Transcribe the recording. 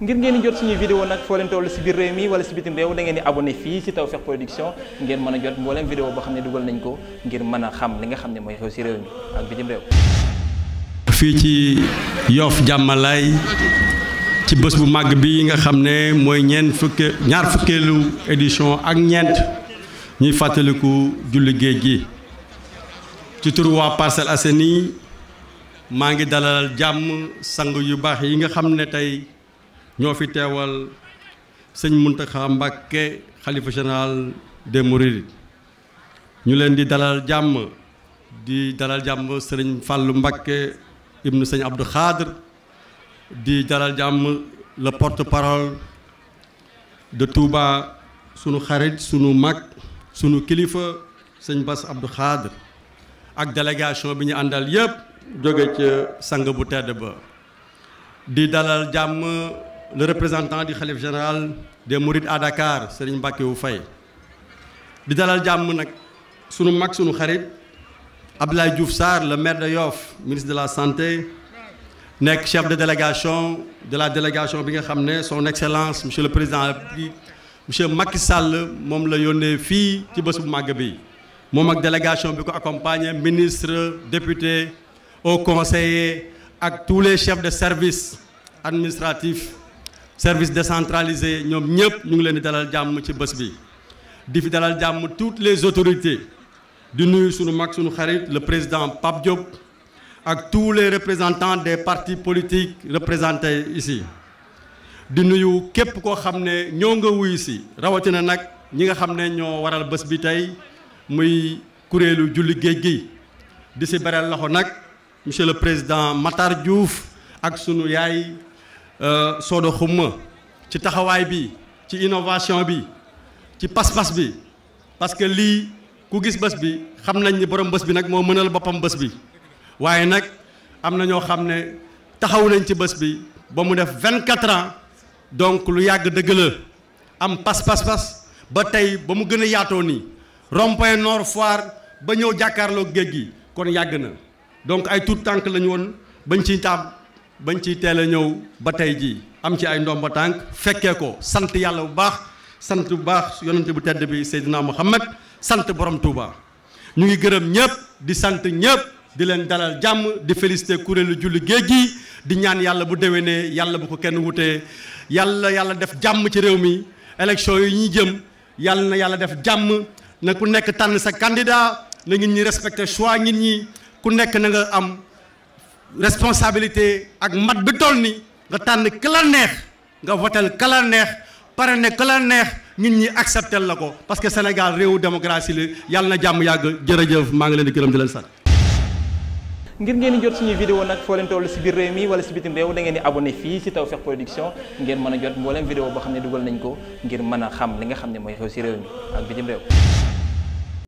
ngir ngeen di jot suñuy vidéo nag foo leen toll si biir réew mi wala si bitim réew da ngeen di abonné fii si Tawfekh Production ngeen mën a jot mbooleem vidéo boo xam ne dugal nañ ko ngir mën a xam li nga xam ne mooy xew si réew mi fii ci Yoff jàmmalaay ci bés bu màgg bi nga xam ne mooy ñeent fukke ñaar fukkeelu édition ak ñeent ñuy fàttaliku julli géej gi ci turu waa Parcelles Assainies maa ngi dalal jàmm sang yu baax yi nga xam ne tey ñoo fi teewal sëñ Muntaxa Mbàkke xalifa général des Mourides ñu leen di dalal jàmm di dalal jàmm sëriñ Fàllu Mbàkke ibnu sëñ Abdou Khadr di dalal jàmm le porte-parole de Touba sunu xarit sunu mag sunu kilifa sëñ Bass Abdou Khadr ak délégation bi ñu àndal yépp jóge ca sang bu tedd ba di dalal jàmm le représentant du khalife général des Mourides à Dakar Serigne Mbacké wu Faye di dalal jàmm nag sunu mag sunu xarit Abdoulaye Diouf Sarr le maire de Yoff ministre de la santé nekk chef de délégation de la délégation bi nga xam ne son excellence monsieur le président de monsieur Macky Sall moom la yónnee fii ci bés bu màgg bi moom ak délégation bi ko accompagner ministre député au conseiller ak tous les chefs de service administratif service décentralisé ñoom ñëpp ñu ngi leen di dalal jàmm ci bés bi di fi dalal jàmm toutes les autorités di nuyu suñu mag suñu xarit le président Pape Diop ak tous les représentants des partis politiques représentés ici di nuyu képp koo xam ne ñoo nga wuyu si rawatina nag ñi nga xam ne ñoo waral bés bi tey muy kuréelu julli géej gi di si beral loxo nag monsieur le président Matar Diouf ak sunu yaay Euh, Sodo Xumma ci taxawaay bi ci innovation bi ci pas-pas bi parce que lii ku gis bés bi xam nañ ni borom bés bi nag moo mënal boppam bés bi waaye nag am na ñoo xam ne taxaw nañ ci bés bi ba mu def vingt-quatre ans donc lu yàgg dëgg la am pas-pas-pas ba tey ba mu gën a yaatoo nii rond noor Nord Foire ba ñëw jàkkaarloo géej gi kon yàgg na donc ay tout tànk lañu woon bañ ci taam bañ ciy teel a ñëw ba tey jii am ci ay ndomba tànk fekkee ko sant yàlla bu baax sant bu baax yonente bu tedd bi Seydina Muhammad sant borom Touba ñu ngi gërëm ñëpp di sant ñëpp di leen dalal jàmm di félicité kuréelu julli géej gi di ñaan yàlla bu déwénee yàlla bu ko kenn wutee yàlla yàlla def jàmm ci réew mi élection yi ñu jëm yàlla na yàlla def jàmm na ku nekk tànn sa candidat na nit ñi respecté choix nit ñi ku nekk na nga am responsabilité ak mat bi toll ni nga tànn këlal neex nga votel kala neex pare ne kala neex ñun ñi accepté la ko parce que Sénégal réewu démocratie la yàlla na jàmm yàgg jërëjëf maa ngi leen di gërëm di leen sant. ngir ngeen di jot suñuy vidéo nag foo leen toll si biir réew mi wala si bitim réew da ngeen di abonné fii si Tawfekh Production ngeen mën a jot mbooleem vidéo boo xam ne dugal nañ ko ngir mën a xam li nga xam ne mooy xew si réew mi ak